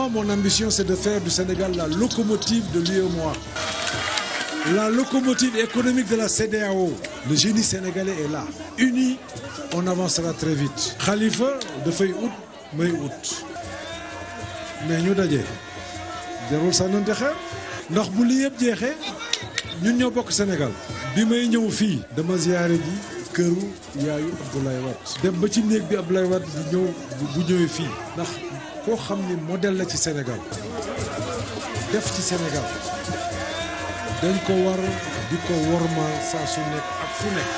Moi, mon ambition, c'est de faire du Sénégal la locomotive de l'UEMOA. La locomotive économique de la CEDEAO. Le génie sénégalais est là. Uni, on avancera très vite. Khalifa, dafay ut may ut mais ñu daje jarul sànnante xeer ndax bu lii yëpp jeexee ñun ñoo bokk Sénégal bi may ñëw fii dama ziyaare ji këru yaayu Abdoulaye Wade dem ba ci néeg bi Abdoulaye Wade di ñëw bu ñëwee fii ndax koo xam ni modèle la ci senegal def ci senegal dañ ko war di ko wormaal saa su nekk ak fu nekk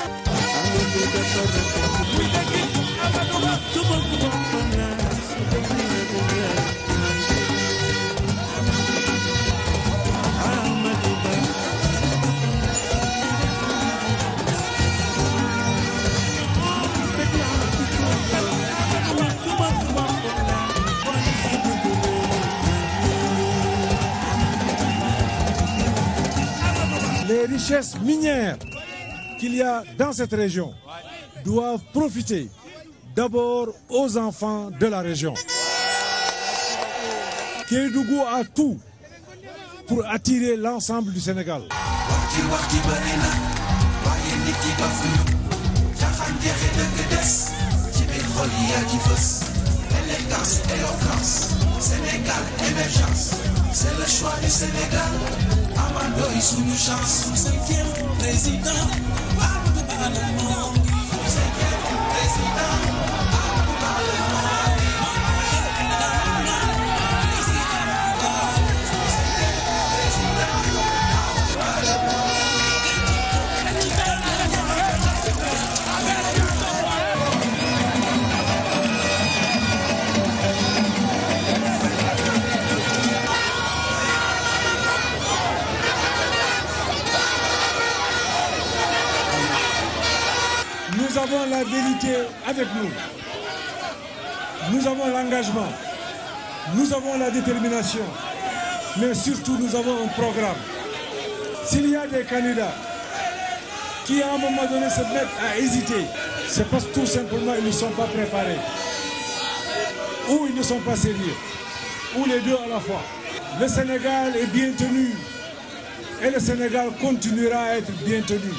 les richesses minières qu'il y a dans cette région doivent profiter d'abord aux enfants de la région. Kédougou a tout pour attirer l'ensemble du Sénégal. Sénégal émergence c'est le choix du Sénégal Amadou suñu chance cinquième président avons la vérité avec nous. Nous avons l'engagement. Nous avons la détermination. Mais surtout, nous avons un programme. S'il y a des candidats qui, à un moment donné, se mettent à hésiter, c'est parce tout simplement, ils ne sont pas préparés. Ou ils ne sont pas sérieux. Ou Le Sénégal est bien tenu. Et le Sénégal continuera à être bien tenu.